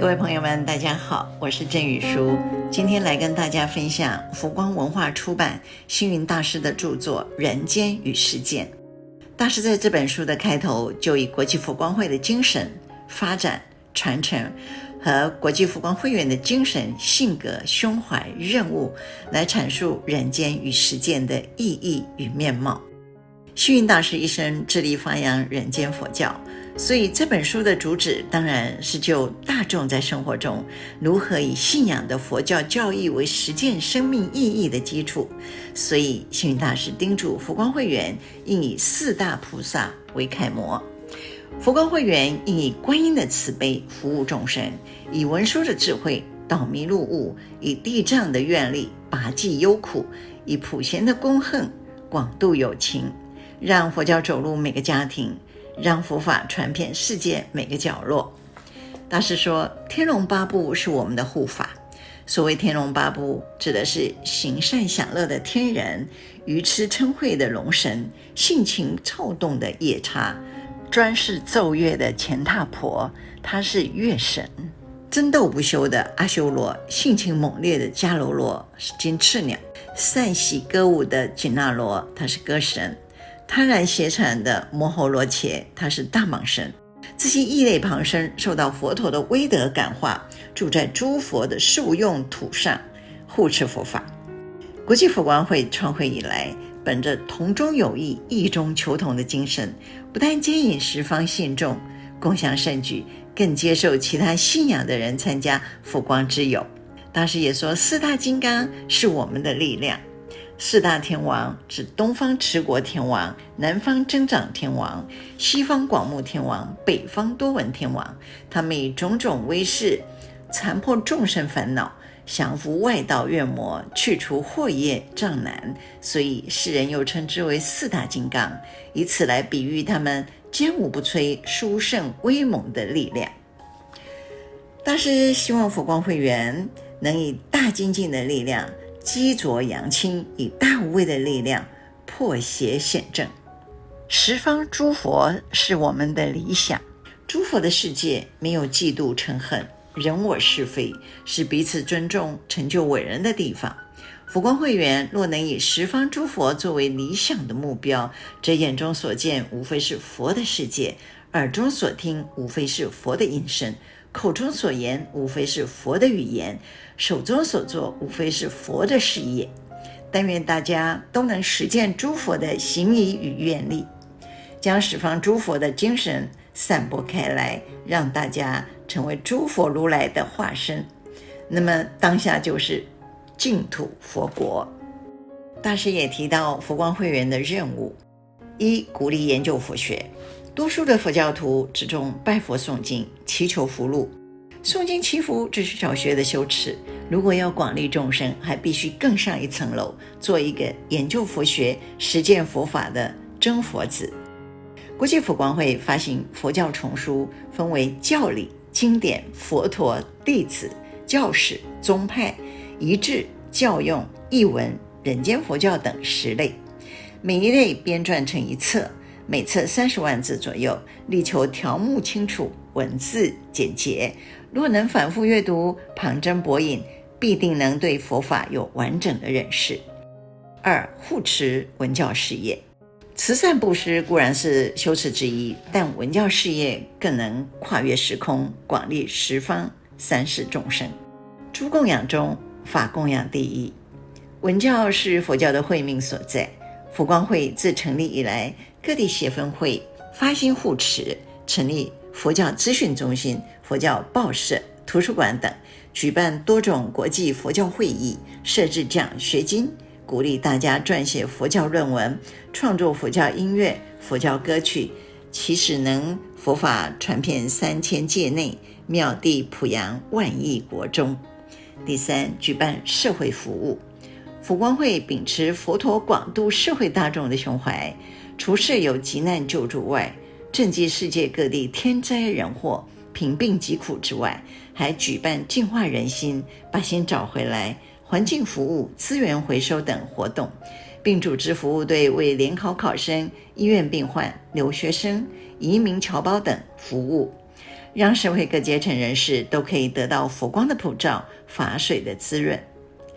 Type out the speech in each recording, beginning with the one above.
各位朋友們，大家好，我是鄭羽書，今天來跟大家分享佛光文化出版星雲大師的著作《人間與實踐》。大師在這本書的開頭就以國際佛光會的精神、發展、傳承和國際佛光會員的精神、性格、胸懷、任務來闡述人間與實踐的意義與面貌。星雲大師一生致力發揚人間佛教。所以這本書的主旨當然是就大眾在生活中如何以信仰的佛教教義為實踐生命意義的基礎。所以星雲大師叮囑佛光會員應以四大菩薩為楷模，佛光會員應以觀音的慈悲服務眾生，以文殊的智慧導迷入悟，以地藏的願力拔濟憂苦，以普賢的功行廣度有情，讓佛教走入每個家庭。讓佛法傳遍世界每個角落。大師說：“天龍八部是我們的護法。所謂天龍八部，指的是行善享樂的天人，愚癡瞋恚的龍神，性情躁動的夜叉，專事奏樂的乾闥婆，他是樂神；爭鬥不休的阿修羅，性情猛烈的迦樓羅，羅是金翅鳥，善喜歌舞的緊那羅，他是歌神。”貪婪邪產的摩睺羅伽，他是大蟒神。這些異類旁生受到佛陀的威德感化，住在諸佛的受用土上，護持佛法。國際佛光會創會以來，本着同中有異、異中求同的精神，不但接引十方信眾共襄盛舉，更接受其他信仰的人參加佛光之友。當時也說四大金剛是我們的力量。四大天王指東方持國天王、南方增長天王、西方廣目天王、北方多聞天王。他們以種種威勢，殘破眾生煩惱，降服外道怨魔，去除禍業障難，所以世人又稱之為四大金剛，以此來比喻他們堅無不摧、殊勝威猛的力量。大師希望佛光會員能以大精進的力量，激濁揚清，以大無畏的力量破邪顯正。十方諸佛是我們的理想，諸佛的世界沒有嫉妒嗔恨，人我是非，是彼此尊重、成就偉人的地方。佛光會員若能以十方諸佛作為理想的目標，則眼中所見無非是佛的世界，耳中所聽無非是佛的音聲。口中所言，無非是佛的語言；手中所做，無非是佛的事業。但願大家都能實踐諸佛的行意與願力，將十方諸佛的精神散播開來，讓大家成為諸佛如來的化身。那麼當下就是淨土佛國。大師也提到佛光會員的任務：一、鼓勵研究佛學。多數的佛教徒只重拜佛誦經，祈求福祿。誦經祈福只是小學的修持，如果要廣利眾生，還必須更上一層樓，做一個研究佛學、實踐佛法的真佛子。國際佛光會發行佛教叢書，分為教理、經典、佛陀、弟子、教史、宗派、儀制、教用、譯文、人間佛教等十類，每一類編撰成一冊。每冊三十萬字左右，力求條目清楚，文字簡潔。若能反覆閱讀，旁徵博引，必定能對佛法有完整的認識。二、護持文教事業，慈善布施固然是修持之一，但文教事業更能跨越時空，廣利十方三世眾生。諸供養中，法供養第一。文教是佛教的慧命所在。佛光會自成立以來，各地協分會發心護持，成立佛教資訊中心、佛教報社、圖書館等，舉辦多種國際佛教會議，設置獎學金，鼓勵大家撰寫佛教論文、創作佛教音樂、佛教歌曲，祈使能佛法傳遍三千界內，妙地普揚萬億國中。第三，舉辦社會服務，佛光會秉持佛陀廣度社會大眾的胸懷。除設有急難救助外，賑濟世界各地天災人禍、貧病疾苦之外，還舉辦淨化人心、把心找回來、環境服務、資源回收等活動，並組織服務隊為聯考考生、醫院病患、留學生、移民僑胞等服務，讓社會各階層人士都可以得到佛光的普照、法水的滋潤。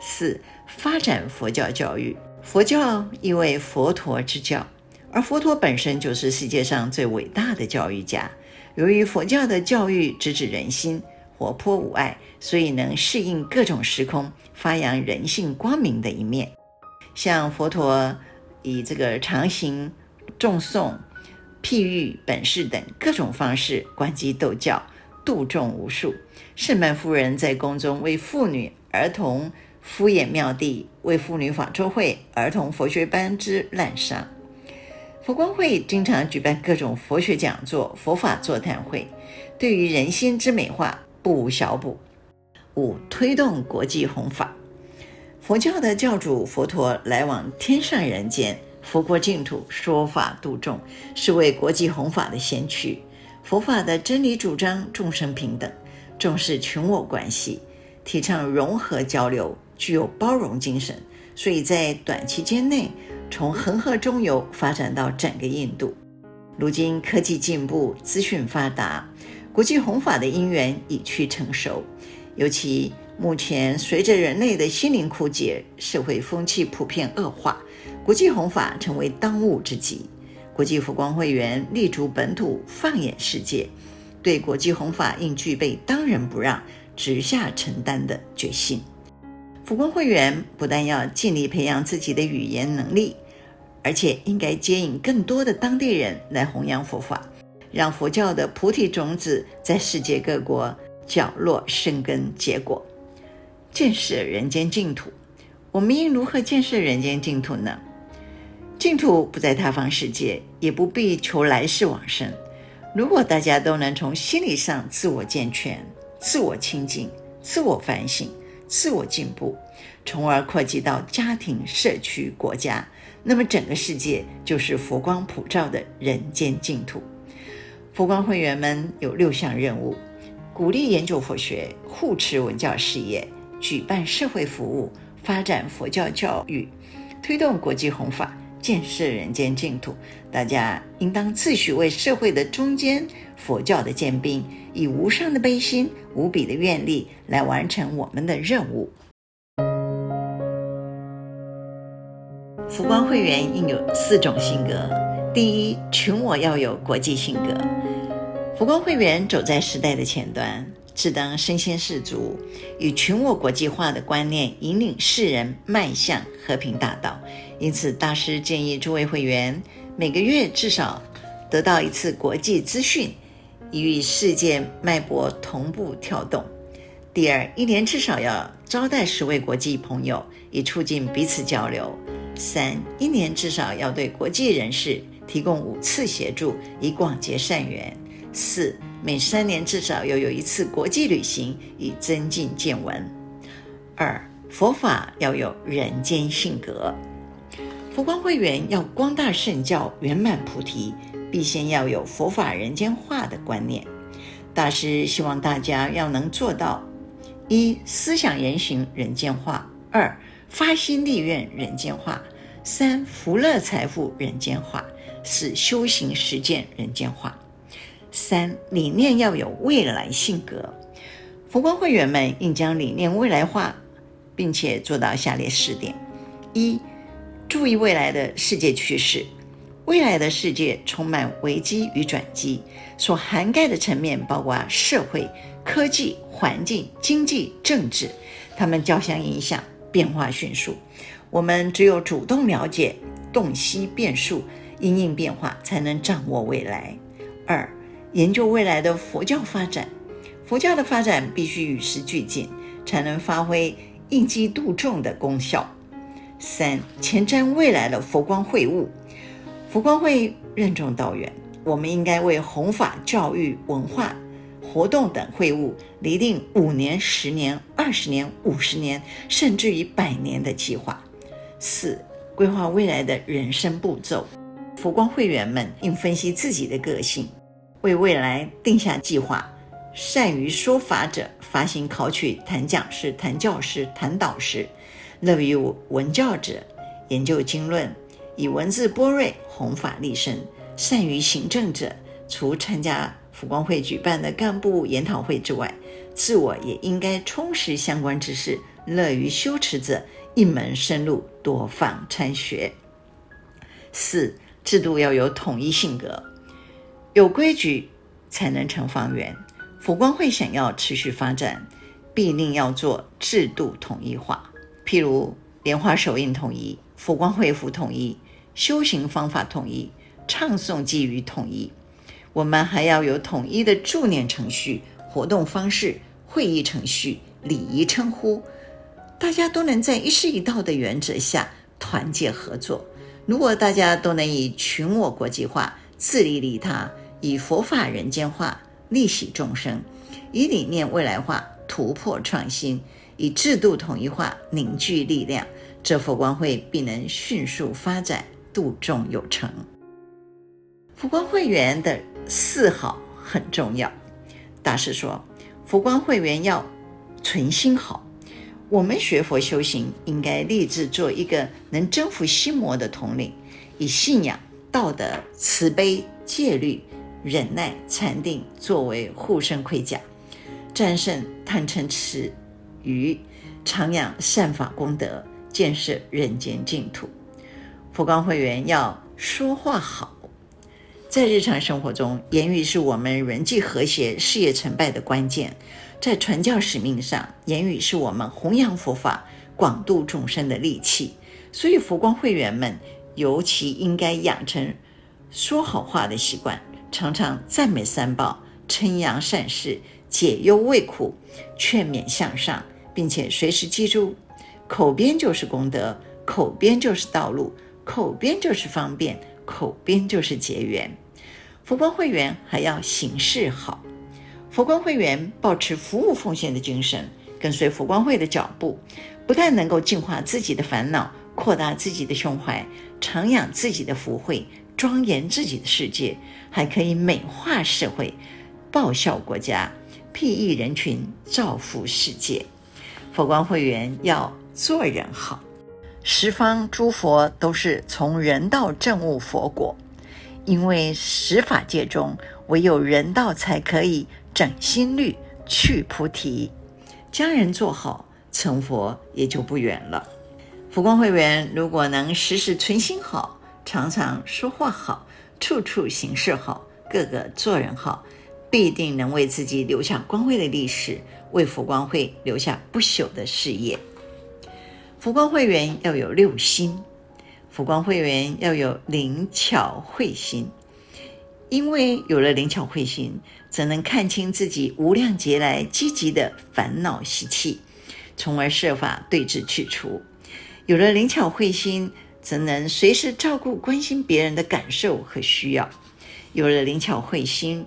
四、發展佛教教育，佛教意為佛陀之教。而佛陀本身就是世界上最偉大的教育家。由於佛教的教育直指人心，活潑無礙，所以能適應各種時空，發揚人性光明的一面。像佛陀以這個長行、重頌、譬喻、本事等各種方式，觀機逗教，度眾無數。勝鬘夫人在宮中為婦女、兒童敷演妙諦，為婦女法座會、兒童佛學班之濫觴。佛光會經常舉辦各種佛學講座、佛法座談會，對於人心之美化不無小補。五、推動國際弘法。佛教的教主佛陀來往天上人間、佛國淨土說法度眾，是為國際弘法的先驅。佛法的真理主張眾生平等，重視群我關係，提倡融合交流，具有包容精神，所以在短期間內。從恆河中游發展到整個印度。如今科技進步，資訊發達，國際弘法的因緣已趨成熟。尤其目前隨着人類的心靈枯竭，社會風氣普遍惡化，國際弘法成為當務之急。國際佛光會員立足本土，放眼世界，對國際弘法應具備當仁不讓、直下承擔的決心。佛光會員不但要盡力培養自己的語言能力，而且應該接引更多的當地人來弘揚佛法，讓佛教的菩提種子在世界各國角落生根結果，建設人間淨土。我們應如何建設人間淨土呢？淨土不在他方世界，也不必求來世往生。如果大家都能從心理上自我健全、自我清淨、自我反省。自我進步，從而擴及到家庭、社區、國家，那麼整個世界就是佛光普照的人間淨土。佛光會員們有六項任務：鼓勵研究佛學，護持文教事業，舉辦社會服務，發展佛教教育，推動國際弘法。建設人間淨土，大家應當自詡為社會的中堅，佛教的尖兵，以無上的悲心，無比的願力來完成我們的任務。佛光會員應有四種性格：第一，群我要有國際性格。佛光會員走在時代的前端。自當身先士卒，以全我國際化的觀念引領世人邁向和平大道。因此，大師建議諸位會員每個月至少得到一次國際資訊，以與世界脈搏同步跳動。第二，一年至少要招待十位國際朋友，以促進彼此交流。三，一年至少要對國際人士提供五次協助，以廣結善緣。四。每三年至少要有一次國際旅行，以增進見聞。二、佛法要有人間性格。佛光會員要光大聖教、圓滿菩提，必先要有佛法人間化的觀念。大師希望大家要能做到：一、思想言行人間化；二、發心立願人間化；三、福樂財富人間化；四、修行實踐人間化。三理念要有未來性格，佛光會員們應將理念未來化，並且做到下列四點：一、注意未來的世界趨勢。未來的世界充滿危機與轉機，所涵蓋的層面包括社會、科技、環境、經濟、政治，它們交相影響，變化迅速。我們只有主動了解、洞悉變數、因應變化，才能掌握未來。二、研究未來的佛教發展，佛教的發展必須與時俱進，才能發揮應機度眾的功效。三、前瞻未來的佛光會務，佛光會任重道遠，我們應該為弘法、教育、文化活動等會務擬定五年、十年、二十年、五十年，甚至於百年的計劃。四、規劃未來的人生步驟，佛光會員們應分析自己的個性。為未來定下計劃，善於說法者，發心考取檀講師、檀教師、檀導師；樂於文教者，研究經論，以文字博瑞，弘法立身；善於行政者，除參加佛光會舉辦的幹部研討會之外，自我也應該充實相關知識；樂於修持者，一門深入，多方參學。四制度要有統一性格。有規矩才能成方圓。佛光會想要持續發展，必定要做制度統一化。譬如蓮花手印統一，佛光會服統一，修行方法統一，唱誦偈語統一。我們還要有統一的助念程序、活動方式、會議程序、禮儀稱呼，大家都能在一師一道的原則下團結合作。如果大家都能以群我國際化、自利利他。以佛法人間化利喜眾生，以理念未來化突破創新，以制度統一化凝聚力量，這佛光會必能迅速發展，度眾有成。佛光會員的四好很重要，大師說，佛光會員要存心好。我們學佛修行，應該立志做一個能征服心魔的統領，以信仰、道德、慈悲、戒律、忍耐、禪定作為護身盔甲，戰勝貪嗔癡愚，常養善法功德，建設人間淨土。佛光會員要說話好，在日常生活中，言語是我們人際和諧、事業成敗的關鍵；在傳教使命上，言語是我們弘揚佛法、廣度眾生的利器。所以，佛光會員們尤其應該養成說好話的習慣。常常讚美三寶，稱揚善事，解憂慰苦，勸勉向上，並且隨時記住：口邊就是功德，口邊就是道路，口邊就是方便，口邊就是結緣。佛光會員還要行事好，佛光會員保持服務奉獻的精神，跟隨佛光會的腳步，不但能夠淨化自己的煩惱，擴大自己的胸懷，常養自己的福慧。莊嚴自己的世界，還可以美化社會，報效國家，裨益人群，造福世界。佛光會員要做人好，十方諸佛都是從人道證悟佛果，因為十法界中唯有人道才可以整心律去菩提，將人做好，成佛也就不遠了。佛光會員如果能時時存心好。常常說話好，處處行事好，個個做人好，必定能為自己留下光輝的歷史，為佛光會留下不朽的事業。佛光會員要有六心。佛光會員要有靈巧慧心，因為有了靈巧慧心，則能看清自己無量劫來積集的煩惱習氣，從而設法對治去除。有了靈巧慧心，則能隨時照顧關心別人的感受和需要？有了靈巧慧心，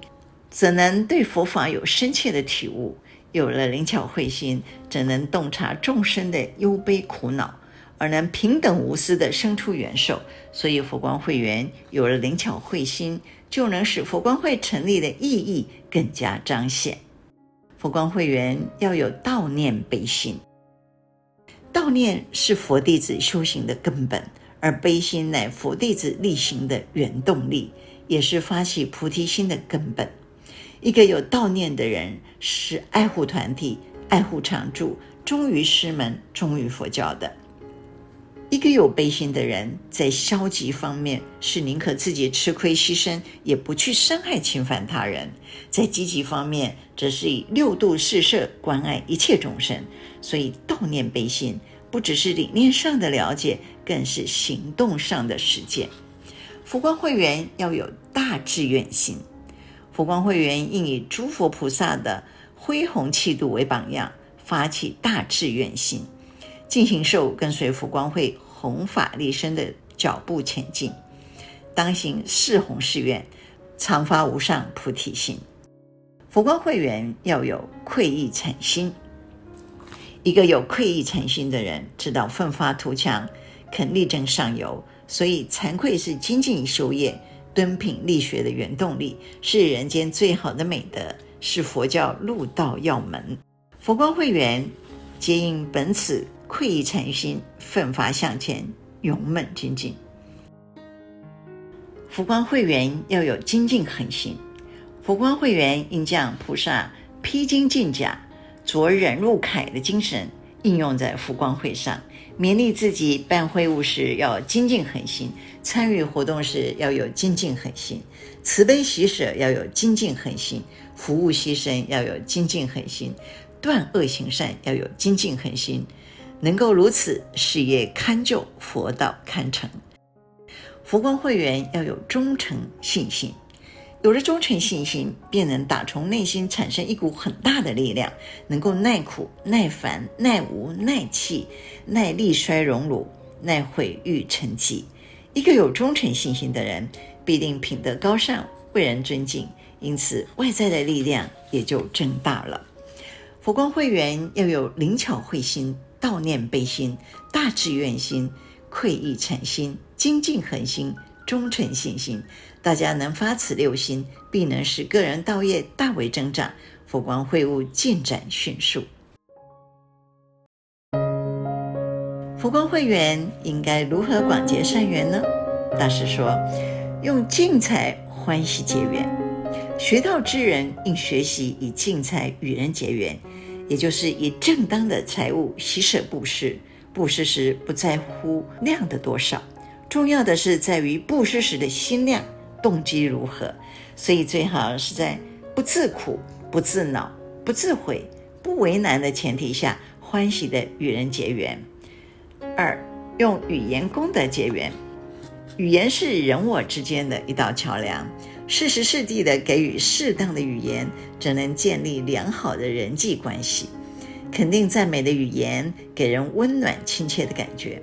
則能對佛法有深切的體悟？有了靈巧慧心，則能洞察眾生的憂悲苦惱，而能平等無私地伸出援手。所以，佛光會員有了靈巧慧心，就能使佛光會成立的意義更加彰顯。佛光會員要有道念悲心，道念是佛弟子修行的根本。而悲心乃佛弟子力行的原動力，也是發起菩提心的根本。一個有道念的人，是愛護團體、愛護常住、忠於師門、忠於佛教的。一個有悲心的人，在消極方面是寧可自己吃虧犧牲，也不去傷害侵犯他人；在積極方面，則是以六度四攝關愛一切眾生。所以，道念悲心不只是理念上的了解。更是行動上的實踐。佛光會員要有大志願心，佛光會員應以諸佛菩薩的恢弘氣度為榜樣，發起大志願心，盡形壽，跟隨佛光會弘法立身的腳步前進，當行四弘誓願，常發無上菩提心。佛光會員要有愧意誠心，一個有愧意誠心的人，知道奮發圖強。肯力爭上游，所以慚愧是精進修業、敦品力學的原動力，是人間最好的美德，是佛教入道要門。佛光會員皆應本此愧意禪心，奮發向前，勇猛精進。佛光會員要有精進恆心，佛光會員應將菩薩披精進甲，著忍辱鎧的精神。應用在佛光會上，勉勵自己辦會務時要精進恆心，參與活動時要有精進恆心，慈悲喜捨要有精進恆心，服務犧牲要有精進恆心，斷惡行善要有精進恆心，能夠如此，事業堪就，佛道堪成。佛光會員要有忠誠信心。有了忠誠信心，便能打從內心產生一股很大的力量，能夠耐苦、耐煩、耐無、耐氣、耐力衰、榮辱、耐毀譽、沉寂。一個有忠誠信心的人，必定品德高尚，為人尊敬，因此外在的力量也就增大了。佛光會員要有靈巧慧心、悼念悲心、大志願心、愧意誠心、精進恆心、忠誠信心。大家能發此六心，必能使個人道業大為增長，佛光會務進展迅速。佛光會員應該如何廣結善緣呢？大師說：“用淨財歡喜結緣，學道之人應學習以淨財與人結緣，也就是以正當的財物喜捨布施。布施時不在乎量的多少，重要的是在於布施時的心量。”動機如何？所以最好是在不自苦、不自惱、不自悔、不為難的前提下，歡喜的與人結緣。二、用語言功德結緣。語言是人我之間的一道橋梁，適時適地的給予適當的語言，則能建立良好的人際關係。肯定讚美的語言，給人溫暖親切的感覺。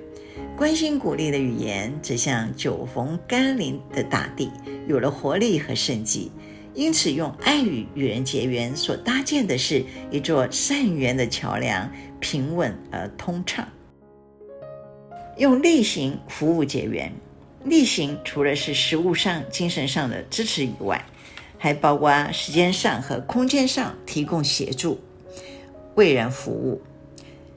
關心鼓勵的語言，就像久逢甘霖的大地，有了活力和生機。因此，用愛語與人結緣，所搭建的是一座善緣的橋樑，平穩而通暢。用力行服務結緣，力行除了是實物上、精神上的支持以外，還包括時間上和空間上提供協助，為人服務。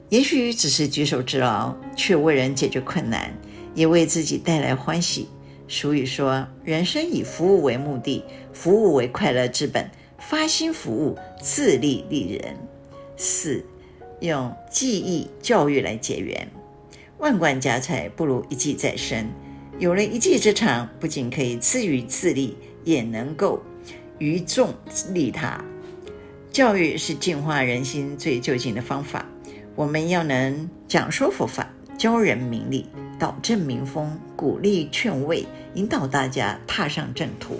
也許只是舉手之勞，卻為人解決困難，也為自己帶來歡喜。俗語說：“人生以服務為目的，服務為快樂之本，發心服務，自立立人。”四，用技藝教育來結緣。萬貫家財不如一技在身。有了一技之長，不僅可以自娛自立，也能夠於眾利他。教育是淨化人心最究竟的方法。我們要能講說佛法，教人明理，導正民風，鼓勵勸慰，引導大家踏上正途。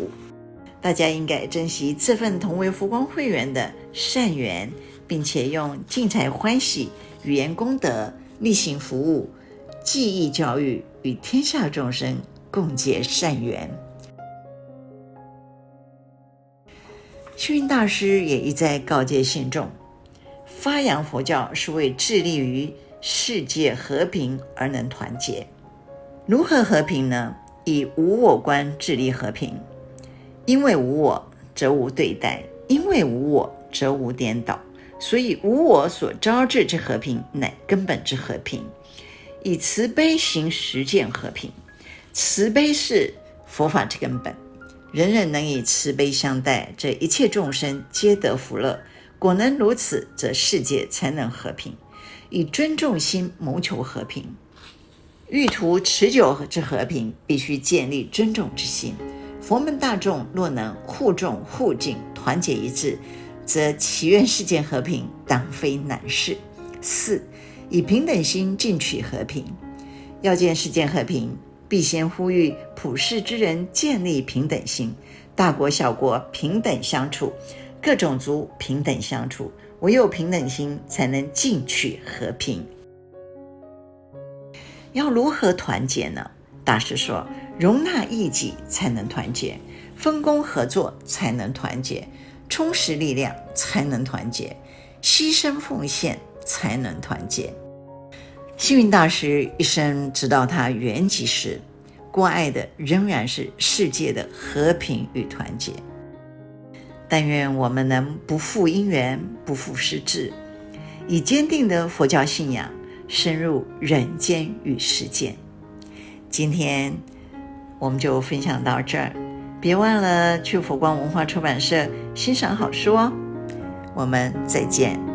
大家應該珍惜這份同為佛光會員的善緣，並且用敬財歡喜、語言功德、例行服務、記憶教育，與天下眾生共結善緣。星雲大師也一再告誡信眾。發揚佛教是為致力於世界和平而能團結。如何和平呢？以無我觀致力和平，因為無我則無對待，因為無我則無顛倒，所以無我所招致之和平乃根本之和平。以慈悲行實踐和平，慈悲是佛法之根本，人人能以慈悲相待，這一切眾生皆得福樂。果能如此，則世界才能和平。以尊重心謀求和平，欲圖持久之和平，必須建立尊重之心。佛門大眾若能互重互敬，團結一致，則祈願世界和平，當非難事。四，以平等心進取和平。要見世界和平，必先呼籲普世之人建立平等心，大國小國平等相處。各種族平等相處，唯有平等心才能進取和平。要如何團結呢？大師說：容納異己才能團結，分工合作才能團結，充實力量才能團結，犧牲奉獻才能團結。星雲大師一生直到他圓寂時，關愛的仍然是世界的和平與團結。但願我們能不負因緣，不負師志，以堅定的佛教信仰深入人間與實踐。今天我們就分享到這兒，別忘了去佛光文化出版社欣賞好書哦。我們再見。